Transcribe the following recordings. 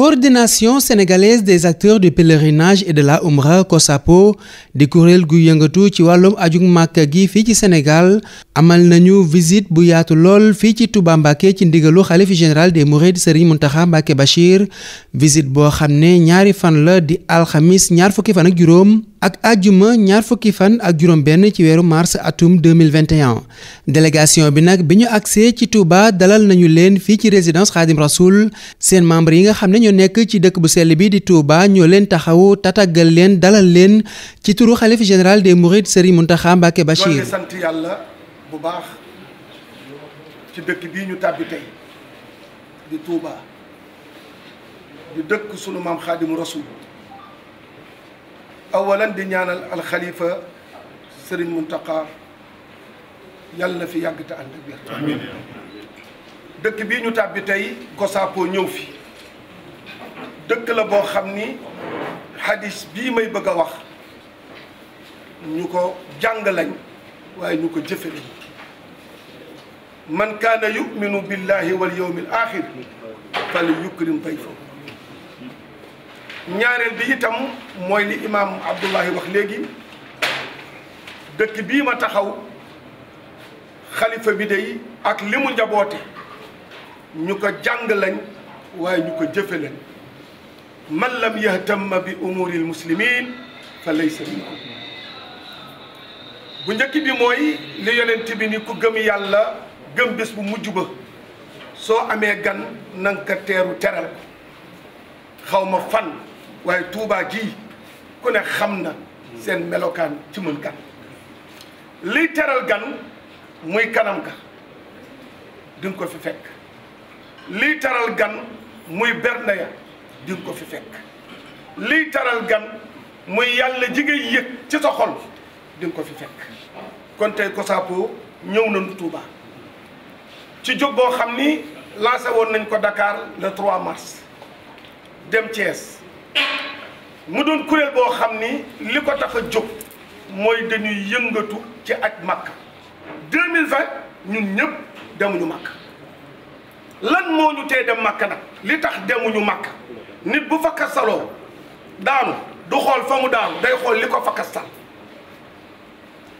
coordination sénégalaise des acteurs du pèlerinage et de la Umra COSAPO di kuréel gu yëngatu ci wàllum ajug màkka gi fii ci Sénégal amal nañu visite bu yaatu lool fii ci Touba Mbacké ci ndigalu xalif général des Mourides Serigne Mountakha Mbacké Bachir visite boo xam ne ñaari fan la di alxamis ñaar fukki fan ak juróom ak àjjuma ñaar fukki fan ak juróom benn ci weeru mars atum 2021 délégation bi nag bi ñu agsee ci Touba dalal nañu leen fii ci résidence Khadim Rasoul seen membre yi nga xam ne ñoo nekk ci dëkk bu sell bi di Touba ñoo leen taxawu tatagal leen dalal leen ci turu xalif général des Mourides Serigne Mountakha Mbacké Bachir. sant yàlla bu ñu tàbbi tey di awalan di ñaanal alxalifa sëriñ Muntaqa yàlla na fi yàgg te ànd ak wér amiin dëkk bii ñu tàbbi tey Gosapo ñëw fi dëkk la boo xam ni xadis bii may bëgg a wax ñu ko jàng lañ waaye ñu ko jëfe lañ man kaana yuminu billahi wal yawmil axir fali yukrim dayfahu ñaareel bi itam mooy li imaam Abdullahi wax léegi dëkk bii ma taxaw xalifa bi dey ak li mu njaboote ñu ko jàng lañ waaye ñu ko jëfe lañ man la lam yahtamma bi umuril muslimin fa laysa minhum bu njëkk bi mooy li yonent bi ni ku gëm yàlla gëm bés bu mujj ba soo amee gan nanga ko teeru teral xaw ma fan waaye Touba ji ku ne xam na seen melokaan ci mën gan liy teral gan muy kanam ga di nga ko fi fekk liy taral gan muy berne ya ko fi fekk liy teral gan muy yàlla ji ngay yëg ci sa xol di nga ko fi fekk kon tey COSAPO ñëw nañu Touba ci jóg boo xam ni lancé woon nañ ko Dakar le 3 mars dem Thiès mu doon kuréel boo xam ni li ko tax a jóg mooy dañuy yëngatu ci aj Makka fa ñun ñëpp demuñu Makka lan moo ñu tee dem Makka nag li tax demuñu Makka nit bu fakka saloo daanu du xool fa mu daanu day xool li ko fakka sal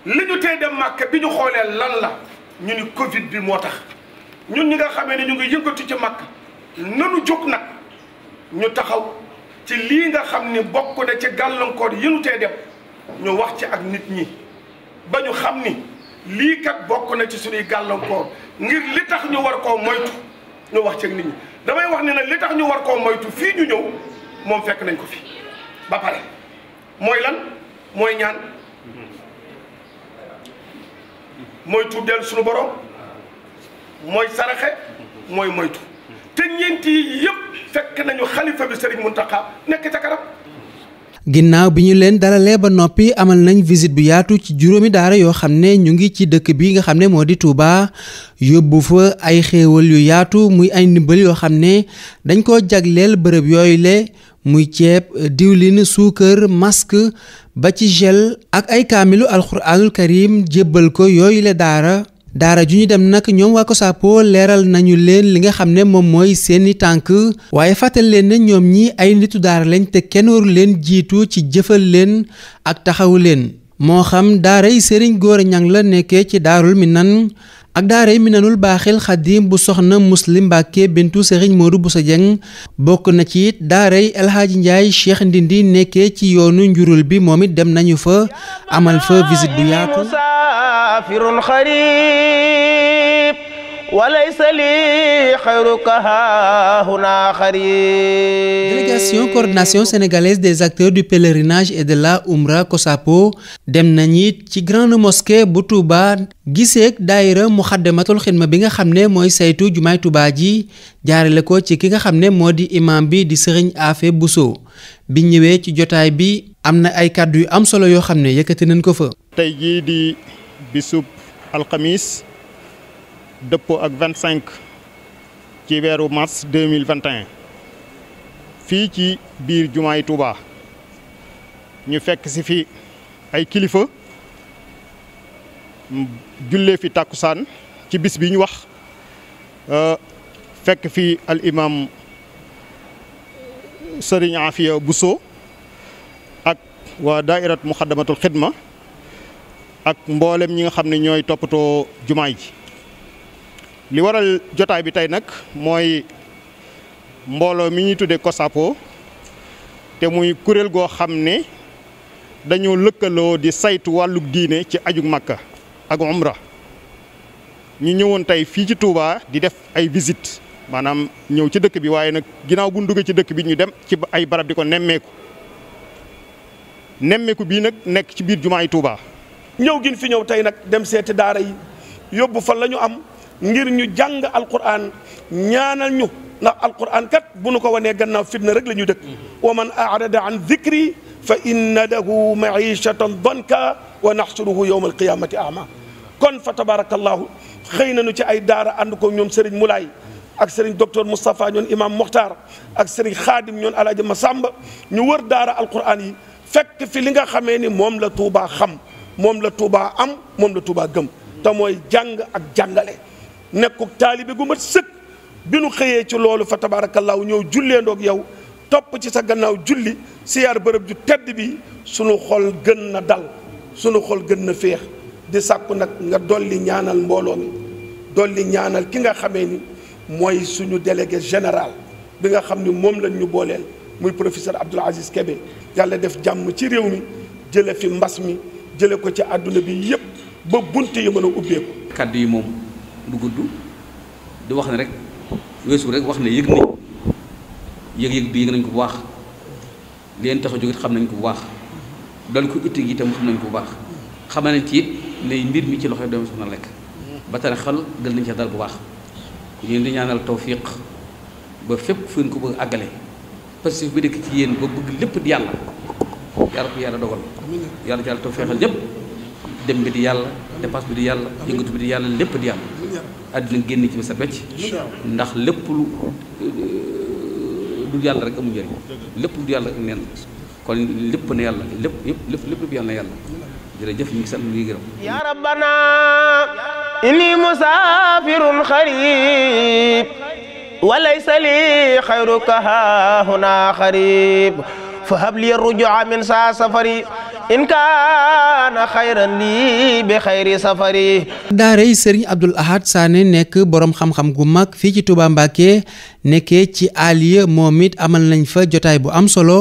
li ñu tee dem Makka bi ñu xoolee lan la ñu ni Covid bi moo tax ñun ñi nga xamee ne ñu ngi yëngatu ci Makka nanu jóg nag ñu taxaw ci lii nga xam ni bokk na ci gàllankoor yi nu tee dem ñu wax ci ak nit ñi ba ñu xam ni lii kat bokk na ci suñuy gàllankoor ngir li tax ñu war koo moytu ñu wax ci ak nit ñi damay wax ni nag li tax ñu war koo moytu fii ñu ñëw moom fekk nañ ko fi ba pare mooy lan mooy ñaan mooy tuddeel sunu borom mooy saraxe mooy moytu te yi yëpp fekk nañu xalifa bi Serigne Mountakha nekk ca kanam. ginnaaw bi ñu leen dalalee ba noppi amal nañ visite bu yaatu ci juróomi daara yoo xam ne ñu ngi ci dëkk bi nga xam ne moo di tuuba yóbbu fa ay xéewal yu yaatu muy ay ndimbal yoo xam ne dañ ko jagleel bërëb yooyu le muy ceeb diwlin suukar mask ba ci gel ak ay kaamilu alxuraanul karim jébbal ko yooyu le daara daara ju ñu dem nag ñoom waa COSAPO leeral nañu leen li nga xam ne moom mooy seeni tànk waaye fàttal leen ñoom ñi ay nitu daara lañ te kenn waru leen jiitu ci jëfal leen ak taxawu leen moo xam yi sëriñ góor Niang la nekkee ci daarul Minane ak yi Minanul baaxil xadim bu soxna muslim Mbàkke bintu Serigne Modou Bousso Dieng bokk na ci it daaray El Hadji Ndiaye Cheikh Ndindi nekkee ci yoonu njurul bi moom it dem nañu fa amal fa visite bu yaatu غافر خريب وليس لي خيرك ها sénégalaise des acteurs du pèlerinage et de la Oumra COSAPO dem nañ it ci grande mosquée bu Touba giseek daayira muxaddamatul xidma bi nga xam ne mooy saytu jumaay Touba ji jaarale ko ci ki nga xam ne moo di imam bi di sëriñ Afe Bousso bi ñëwee ci jotaay bi am na ay kàddu yu am solo yoo xam ne yëkkati nañ ko fa bisub alxamis dëppoo ak vingt cinq ci weeru mars deux mille vingt et fii ci biir jumaay Touba ñu fekk si fi ay kilifa jullee fi tàkkusaan ci bis bi ñu wax euh, fekk fi al imam Serigne Afia Bousso ak waa daa'irat Muxaddamatul Xidma ak mbooleem ñi nga xam ne ñooy toppatoo jumaa ji li waral jotaay bi tey nag mooy mbooloo mi ñuy tuddee COSAPO te muy kuréel goo xam ne dañoo lëkkaloo di saytu wàllug diine ci ajug Makka ak umra ñu ñëwoon tey fii ci Touba di def ay visite maanaam ñëw ci dëkk bi waaye nag ginnaaw bu ñu ci dëkk bi ñu dem ci ay barab di ko nemmeeku nemmeeku bii nag nekk ci biir jumaa yi tuubaa ñëw gin fi ñëw tey nag dem seeti daara yi yóbbu fa la ñu am ngir ñu jàng alquran ñaanal ñu ndax alquran kat bu nu ko wanee gannaaw fitna rek la ñu dëkk wa man arada an dikri fa inna lahu maishatan danka wa naxsuruhu yowma alqiyamati ama kon fa tabarakallahu xëy nañu ci ay daara ànd ko ñoom sëriñ mulaay ak sëriñ docteur Moustapha ñoon imam Mokhtar ak sëriñ xaadim ñoon alaaji Masamba ñu wër daara alquran yi fekk fi li nga xamee ni moom la Tuubaa xam moom la Touba am moom la Touba gëm te mooy jàng ak jàngale nekkuk taalibe gu mat sëkk bi nu xëyee ci loolu fa tabaarakallaahu ñëw jullee ndoog yow topp ci sa gannaaw julli siyaar bërëb ju tedd bi sunu xol gën na dal sunu xol gën na féex di sàkku nag nga dolli ñaanal mbooloo mi dolli ñaanal ki nga xamee ni mooy suñu délégué général bi nga xam ni moom lañ ñu booleel muy professeur Abdoul Aziz Kébé yàlla def jàmm ci réew mi jële fi mbas mi jële ko ci àdduna bi yépp ba bunt yi mën a ubbeeku kàddu yi moom du gudd di wax ne rek weesu rek wax ne yëg nañ yëg-yëg bi yëg nañ ko bu baax leen tax a jógit xam nañ ko bu baax dool ko itti gi xam nañ bu baax xam nañ ci it ne mbir mi ci loxo doom soxna lekk ba tare xel gën nañ ci dal bu baax ku ñu di ñaanal tawfiq ba fépp fu ñu ko bëgg àggale parce que bi dëkk ci yéen ba bëgg lépp di yàlla yàlla ko yàlla dogal yàlla yàlla taw feexal ñëpp dem bi di yàlla dépense bi di yàlla yëngatu bi di yàlla lépp di yàlla àddina génn ci ba sa becc ndax lépp du yàlla rek amul njëriñ lépp du yàlla rek neen kon lépp na yàlla lépp lépp yàlla na yàlla jërëjëf ñu ngi ñu ngi gërëm rabbana inni musafirun xarib walaysa li xayruka haahuna xarib fa habli rujua min saa safari in kaana xayran lii bi xayri safari daaray sëriñ Abdul Ahad Sané nekk boroom xam-xam gu mag fii ci Touba Mbacké nekkee ci aliya moom it amal nañ fa jotaay bu am solo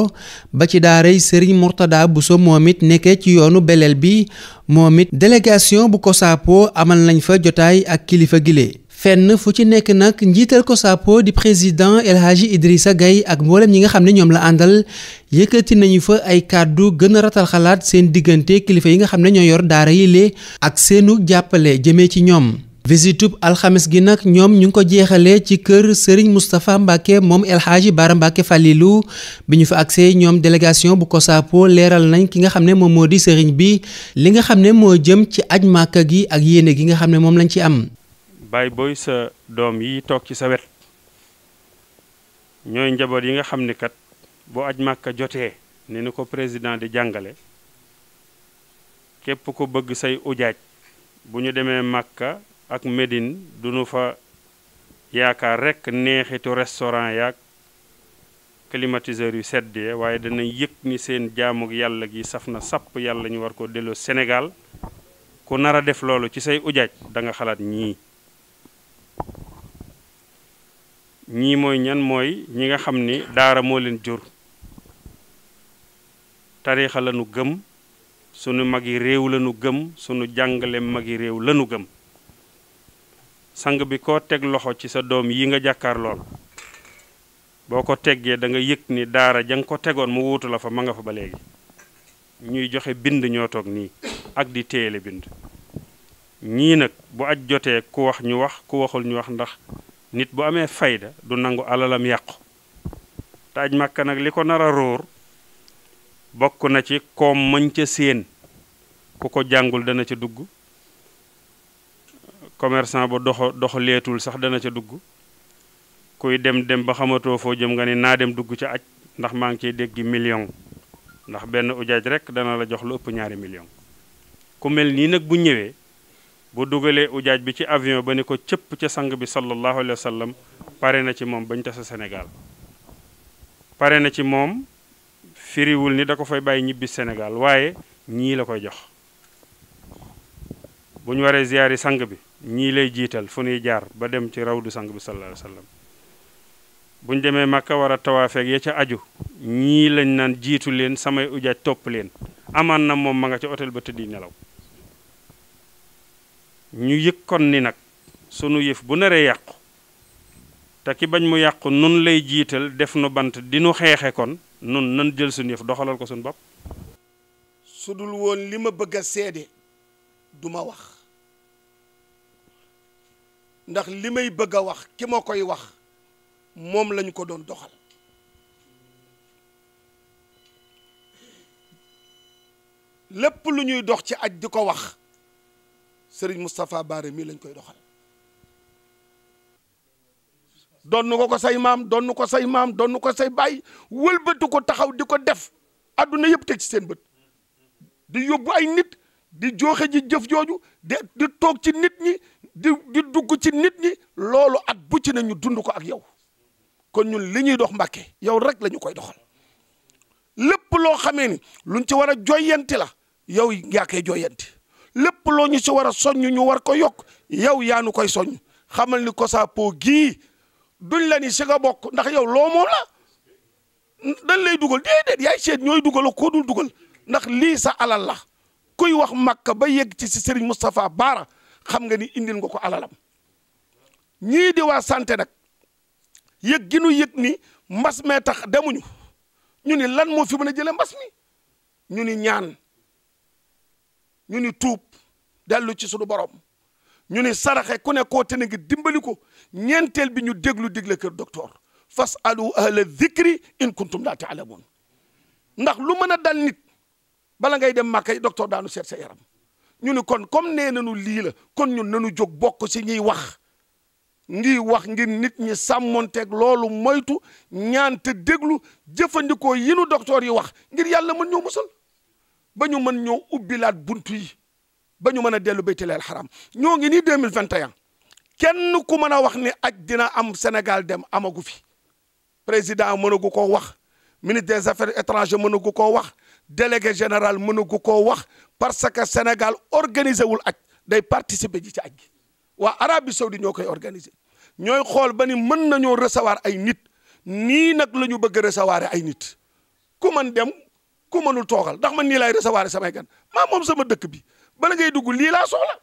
ba ci daaray sëriñ Mourtada Bousso moom it nekkee ci yoonu beleel bi moom it délégation bu COSAPO amal nañ fa jotaay ak kilifa gile fenn fu ci nekk nag njiital COSAPO di président El Hadji Idrissa Gaye ak mbooleem ñi nga xam ne ñoom la àndal yëkkati nañu fa ay kàddu gën a ratal xalaat seen diggante kilifa yi nga xam ne ñoo yor daara yi lee ak seenu jàppale jëmee ci ñoom. visitub alxames gi nag ñoom ñu ngi ko jeexalee ci kër Serigne Moustapha Mbacke moom El Hadji Bara Mbacke Falilou bi ñu fa agsee ñoom délégation bu COSAPO leeral nañ ki nga xam ne moom moo di Serigne bi li nga xam ne moo jëm ci aj Màkka gi ak yéene gi nga xam ne moom lañ ci am. baay booy sa doom yi toog ci sa wet ñooy njaboot yi nga xam ni kat boo aj màkka jotee ne ni ko président di jàngale képp ko bëgg say ujaaj bu ñu demee màkka ak medin du nu fa yaakaar rekk neexitu restaurant yaag climatiseur yu sedd waaye dana yëg ni seen jaamu yàlla gi saf na sàpp yàlla ñu war ko dellu senegal ku nar a def loolu ci say ujaaj danga xalaat ñii ñii mooy ñan mooy ñi nga xam ni daara moo leen jur tariixa lanu gëm sunu mag réew lanu gëm sunu jàngale mag réew lanu gëm sang bi ko teg loxo ci sa doom yi nga jàkkaar lool boo ko tegee danga nga yëg ni daara jang ko tegoon mu wuutu la fa ma nga fa ba léegi ñuy joxe bind ñoo toog nii ak di téyele bind ñii nag bu aj jotee ku wax ñu wax ku waxul ñu wax ndax nit bu amee fayda du nangu alalam yàqu te aj màkka nag li ko nar a róor bokk na ci koom mañ ca séen ku ko jàngul dana ca dugg commerçant ba doxo doxaleetul sax dana ca dugg kuy dem dem ba xamatoo foo jëm nga ni naa dem dugg ca aj ndax maa ngi ciy dégg million ndax benn ujaaj rekk dana la jox lu ëpp ñaari million ku mel nii nag bu ñëwee bu dugalee ujaaj bi ci avion ba ni ko cëpp ca sang bi sallallahu alayhi wa sallam pare na ci moom bañ tasa Sénégal pare na ci moom firiwul ni da ko fay bàyyi ñibbi Sénégal waaye ñii la koy jox bu ñu waree ziyaari sang bi ñii lay jiital fu ñuy jaar ba dem ci rawdu sang bi sallallahu alayhi wa sallam bu ñu demee Màkka war a tawaafeeg ya ca aju ñii lañ naan jiitu leen samay ujaaj topp leen amaan na moom ma nga ca otel ba tëddi nelaw ñu yëg kon ni nag sunu yëf bu naree yàqu te ki bañ mu yàqu nun lay jiital def nu bant di nu xeexe kon nun nan jël sunu yëf doxalal ko sunu bopp su dul woon li ma bëgg a duma wax ndax li may bëgg a wax ki ma koy wax moom lañu ko doon doxal lépp lu ñuy dox ci aj di ko wax Serigne Moustapha Baare mii lañ koy doxal donnu nga ko say maam donnu ko say maam donnu ko say baay wëlbatu ko taxaw di ko def adduna yëpp teg ci seen bët di yóbbu ay nit di jooxe ji jëf jooju di toog ci nit ñi di di dugg ci nit ñi loolu at bu ci ne ñu dund ko ak yow kon ñun li ñuy dox Mbàkke yow rek lañu koy doxal lépp loo xamee ni luñ ci war a joyanti la yow yaa koy joyanti lépp loo ñu ci war a soññ ñu war ko yokk yow yaa nu koy soññ xamal ni COSAPO gii duñ lani ni si bokk ndax yow loo moom la dañ lay dugal déedéet yaay seet ñooy dugal ko koo dul dugal ndax lii sa alal la kuy wax Makka ba yegg ci si Serigne Moustapha Baara xam nga ni indil nga ko alalam ñii di waa santé nag yëg gi ni mbas mee tax demuñu ñu ni lan moo fi mën a jëlee mbas mi ñu ni ñaan ñu ni tuub dellu ci suñu borom ñu ni saraxe ku ne koo te ne ngi dimbali ko ñeenteel bi ñu déglu digle kër docteur fas alu ahla dhikri in kuntum laa taalamuun ndax lu mën a dal nit bala ngay dem màkka yi docteur daanu seet sa yaram ñu ni kon comme nee nañu lii la kon ñun nañu jóg bokk si ñuy wax ngi wax ngir nit ñi sàmmonteeg loolu moytu ñaan te déglu jëfandikoo yi nu docteur yi wax ngir yàlla mën ñoo musal ba ñu mën ñoo ubbilaat buntu yi ba ñu mën a dellu baytil haram ñoo ngi nii 2021 kenn ku mën a wax ni aj dina am Sénégal dem amagu fi président mënagu koo wax ministre des affaires étrangères mënagu koo wax délégué général mënagu koo wax parce que Sénégal organisé wul aj day participer ji ci aj gi waa Arabie Saoudite ñoo koy organiser ñooy xool ba ni mën nañoo recevoir ay nit nii nag lañu ñu bëgg recevoir ay nit ku man dem ku mënul toogal ndax man nii laay recevoir samay gan maa moom sama dëkk bi bala ngay dugg lii laa soxla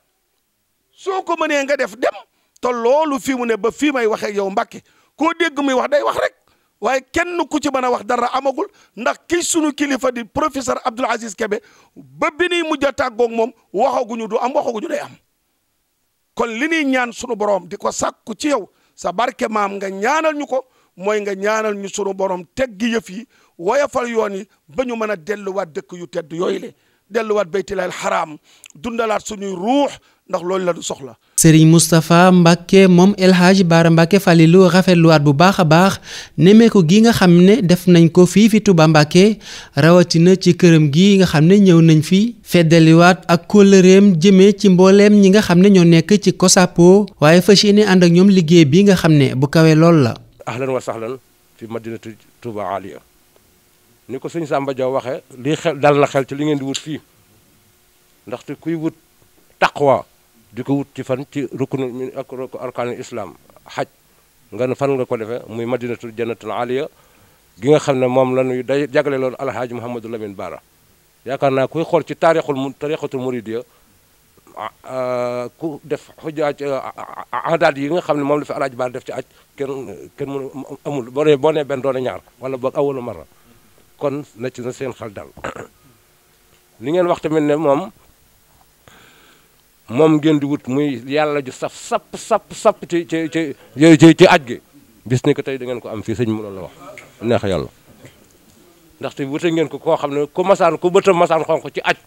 soo ko mënee nga def dem te loolu fii mu ne ba fii may waxee yow Mbàkke koo dégg muy wax day wax rek waaye kenn ku ci mën a wax dara amagul ndax ki sunu kilifa di professeur Abdoul Aziz Kébé ba bi nuy mujj a tàggoog moom waxaguñu du am ñu day am kon li ñuy ñaan sunu boroom di ko sàkku ci yow sa barke maam nga ñaanal ñu ko mooy nga ñaanal ñu sunu borom teggi yëf yi woyofal yoon yi ba ñu mën a delluwaat dëkk yu tedd yooyu le delluwaat baytilal xaraam dundalaat suñuy ruux ndax loolu la du soxla. Serigne Moustapha Mbacke moom El Hadj Baara Mbacke Falilou rafetluwaat bu baax a baax nemmeeku gi nga xam ne def nañ ko fii fi Touba Mbacke rawatina ci këram gi nga xam ne ñëw nañ fi. feddaliwaat ak kóllëreem jëmee ci mbooleem ñi nga xam ne ñoo nekk ci COSAPO waaye fas yéene ànd ak ñoom liggéey bi nga xam ne bu kawee lool la. ni ko sëñ Samba Diaw waxee lii xel dal na xel ci li ngeen di wut fii ndaxte kuy wut taqwa di ko wut ci fan ci ruknu ak arkaanul islam xaj nga ne fan nga ko defee muy madinatul jannatul aliya gi nga xam ne moom la ñuy day jagale loolu alhaaji Mouhamadou Lamine Bara yaakaar naa kuy xool ci taarixul mu taarixatul muridiya ku def xujaaj aadaat yi nga xam ne moom la fi alhaaji Bara def ci aj kenn kenn mënu amul boo nee boo nee benn doone ñaar wala boog awalu mara kon na ci na seen xal daal li ngeen wax tamit ne moom moom ngeen di wut muy yàlla ju saf sap sapp sapp ci ci ci ci ci aj gi bis ni ko tey da ngeen ko am fii sëñ mu loolu la wax neex yàlla ndaxte wute ngeen ko koo xam ne ku masaan ku bëtam masaan xonq ci aj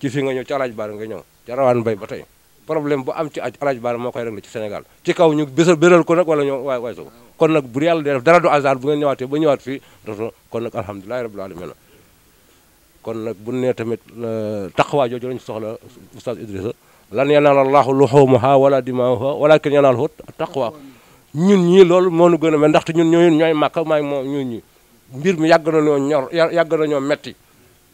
ci fi nga ñëw ca alaaj baar nga ñëw ca rawaan bay ba tey problème bu am ci aj Alaaji Baara moo koy réglé ci Sénégal ci kaw ñu bésal béral ko nag wala ñoo waay waay soko kon nag bu yàlla dee def dara du hasard bu ngeen ñëwaatee ba ñëwaat fii doto kon nag alhamdulilahi rabbil alamin kon nag bu nee tamit euh, taqwa jooju lañ soxla oustaz Idrissa lan yanaala llaahu luhuumuhaa wala dimaa'uhaa walaakin yanaaluhu taqwa ñun ñii loolu moo nu gën a mel ndaxte ñun ñooy ñooy màkka maay moom ñun ñi mbir mi yàgg na ñoo ñor yàgg na ñoo metti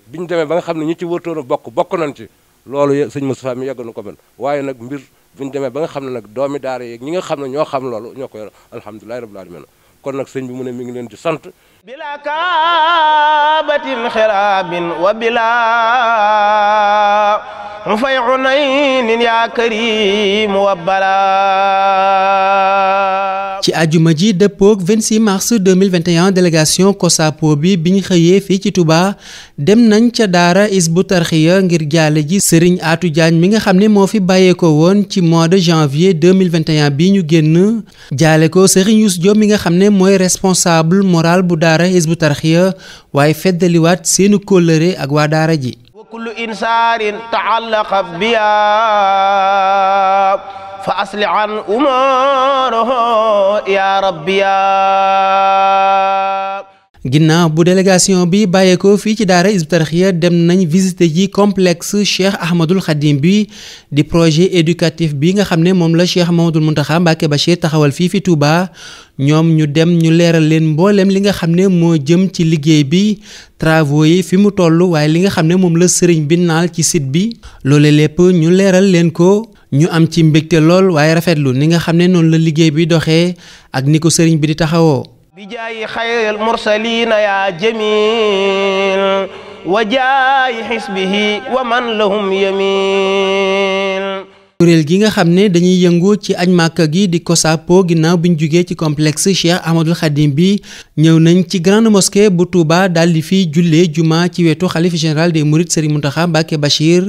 bi ñu demee ba nga xam ne ñi ci wërtoon a bokk bokk nañ ci loolu sëñ Moustapha mi yegg na ko mën waaye nag mbir bu ñu demee ba nga xam ne nag doomi daara yeeg ñi nga xam ne ñoo xam loolu ñoo ko yor alhamdulilahi rabbil alamin kon nag sëñ bi mu mi ngi leen di sant bila kaabatin xiraabin wa bila rufay unaynin yaa karim wa bala ci àjuma ji dëppoog 26 mars 2021 délégation COSAPO bi bi ñu xëyee fii ci Touba dem nañ ca daara Hizbut Tarqiyyah ngir jaale ji Serigne aatu Diagne mi nga xam ne moo fi bàyyeekoo woon ci mois de janvier 2021 bi ñu génn jaale ko Serigne Youssou mi nga xam ne mooy responsable moral bu daara Hizbut Tarqiyyah waaye feddaliwaat seeni kóllëre ak waa daara ji kullu insaanin taallaqa biyaa fa asli an umarahu ya rabbiyaa ginnaaw bu délégation bi bàyyeekoo fii ci daara Hizbut Tarqiyyah dem nañ visité ji complexe Cheikh Ahmadul Khadim bi di projet éducatif bi nga xam ne moom la Cheikh Mamadul Muntaxa Mbàkke Bachir taxawal fii fi Touba ñoom ñu dem ñu leeral leen mboolem li nga xam ne moo jëm ci liggéey bi travaux yi fi mu toll waaye li nga xam ne moom la sëriñ bi naal ci site bi loole lépp ñu leeral leen ko ñu am ci mbégte lool waaye rafetlu ni nga xam ne noonu la liggéey bi doxee ak ni ko sëriñ bi di taxawoo bijaayi xayril mursaliina yaa jamil wa jaayi xisbihi wa man lahum yamil kuréel gi nga xam ne dañuy yëngu ci aj màkka gi di COSAPO ginnaaw bi ñu jógee ci complexe Cheikh Ahmadul Khadim bi ñëw nañ ci grande mosquée bu Touba daal di fi jullee juma ci wetu xalifa général des Mourides Serigne Mountakha Mbacké Bachir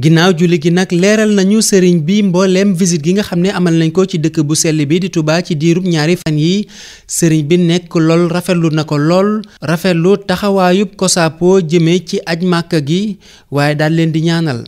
ginnaaw julli gi nag leeral nañu sëriñ bi mbooleem visite gi nga xam ne amal nañ ko ci dëkk bu sell bi di Touba ci diirub ñaari fan yi sëriñ bi nekk lool rafetlu na ko lool rafetlu taxawaayub COSAPO jëmee ci aj màkka gi waaye daal leen di ñaanal